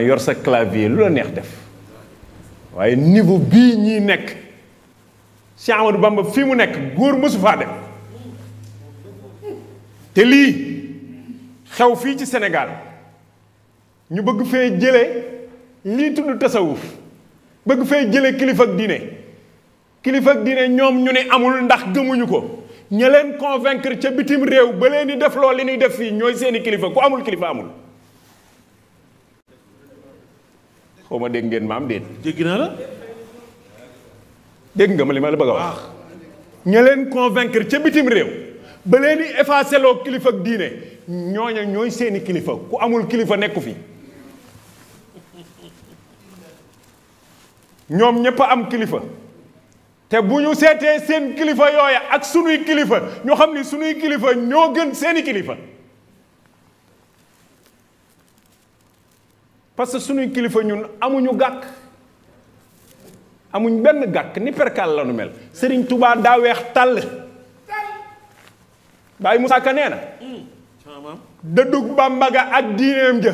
yor sa clavier lu la neex def waaye niveau bii ñuy nekk Cheikh Amadou Bamba fii mu nekk góor mësu faa dem te lii xew fii ci senegal ñu bëgg fee jële lii tudd tasawuf bëgg fee jële kilifa ak diine kilifa ak diine ñoom ñu ne amul ndax gëmuñu ko ña leen convaincre ca bitim réew ba leen di def loolu li ñuy def fii ñooy seeni kilifa ku amul kilifa amul xaw ma dégg ngeen ma am dégg nga ma li ma la bëgg wax. ña leen convaincre ca bitim réew. ba leen di effacé kilifa ak diine ñooña ñooy seeni kilifa ku amul kilifa nekku fi. ñoom ñëpp am kilifa. te bu ñu seetee seen kilifa yooya ak sunuy kilifa ñoo xam ni sunuy kilifa ñoo gën seeni kilifa. parce que suñuy kilifa ñun amuñu gàkk amuñ benn gàkk ni perkal la nu mel sëriñ tubaa daa tàll bàyyi Moussa Ka nee na dëddug Bàmba ga ak diineem ja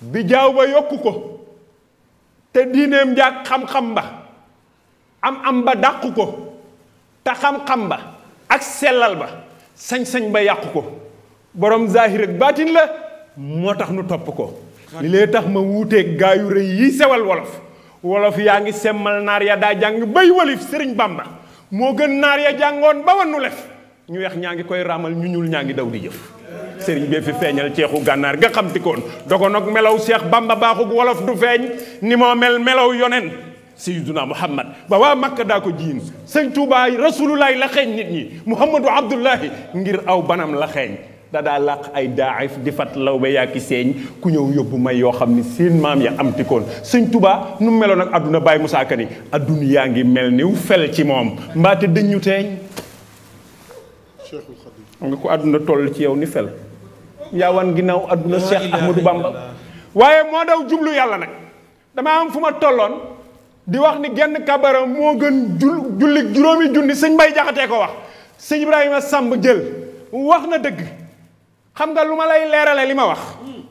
bi jaaw ba yokku ko te diineem ja ak xam-xam ba am am ba dàqu ko te xam-xam ba ak sellal ba sañ-sañ ba yàqu ko borom zahir ak la moo tax nu topp ko li tax ma wuuteeg gaa yu rëy yi sewal wolof wolof yaa ngi semmal naar ya daa jàng bay walif sëriñ Bamba moo gën naar ya jàngoon ba wannu lef ñu weex ñaa ngi koy raamal ñu ñuul ñaa ngi daw di jëf sëriñ bee fi feeñal ceexu gànnaar ga xam ti koon dogon ak melaw seex Bamba baaxug wolof du feeñ ni moo melaw yonen sayyiduna muhammad ba waa makka daa ko jiin sëñ Tuubaa rasulullahi la xeeñ nit ñi muhammadu abdullahi ngir aw banam la xeeñ da daa làq ay daaif di fat law ba yaa ki seeñ ku ñëw yóbbu may yoo xam ni seen maam ya am tikoon sëñ Tuubaa nu meloon ak àdduna Baay Musaa Ka ni àdduna yaa ngi mel niw fel ci moom mbaate dëñu teeñ xam nga ko àdduna ci yow ni fel yaawan ginnaaw àdduna Cheikh Ahmadou Bamba waaye moo daw jublu yàlla nag dama am fu ma tolloon di wax ni genn kabara moo gën jul julli juróomi junni sëñ Mbay Jaxatee ko wax sëñ Ibrahima sàmb jël wax na dëgg xam nga lu ma lay leerale li ma wax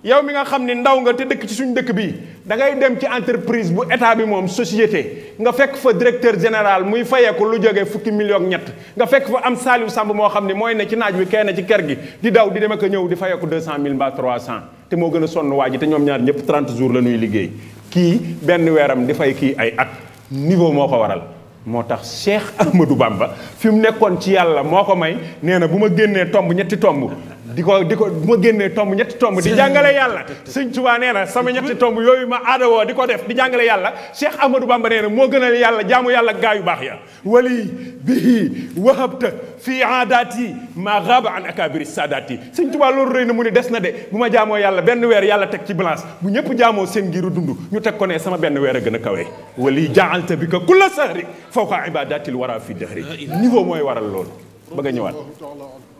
yow mi nga xam ni ndaw nga te dëkk ci suñu dëkk bii da ngay dem ci entreprise bu état bi moom societé nga fekk fa directeur général muy fayeeku lu jege fukki million ñett nga fekk fa am Saliou Samb moo xam ne mooy ne ci naaj wi kenn ci kër gi di daw di dem ak a ñëw di fayeeku deux cent mille mbaa trois cent te moo gën a sonn waa ji te ñoom ñaar ñëpp trente jours la ñuy liggéey kii benn weeram di fay kii ay at niveau moo ko waral moo tax Cheikh Ahmadou Bamba fi mu nekkoon ci yàlla moo ko may nee na bu ma génnee tomb ñetti tomb di ko di ko ma génne tomb ñetti tomb di jàngale yàlla sëñ Tuubaa nee na sama ñetti tomb yooyu ma aadawoo di ko def di jàngale yàlla Cheikh Ahmadou Bamba nee na moo gënal yàlla jaamu yàlla gaa yu baax ya wali bihi wahabta fii aadaati maa xaaba an akabiri saadaati sëñ Tuubaa loolu rëy na mu ni des na de bu ma jàmmoo yàlla benn weer yàlla teg ci balance bu ñëpp jaamoo seen ngiru dund ñu teg ko ne sama benn weer a gën a kawee wali jaalta bi ka kulla sahri fawqa ibadatil wara fi dahri niveau mooy waral loolu nga ñëwaat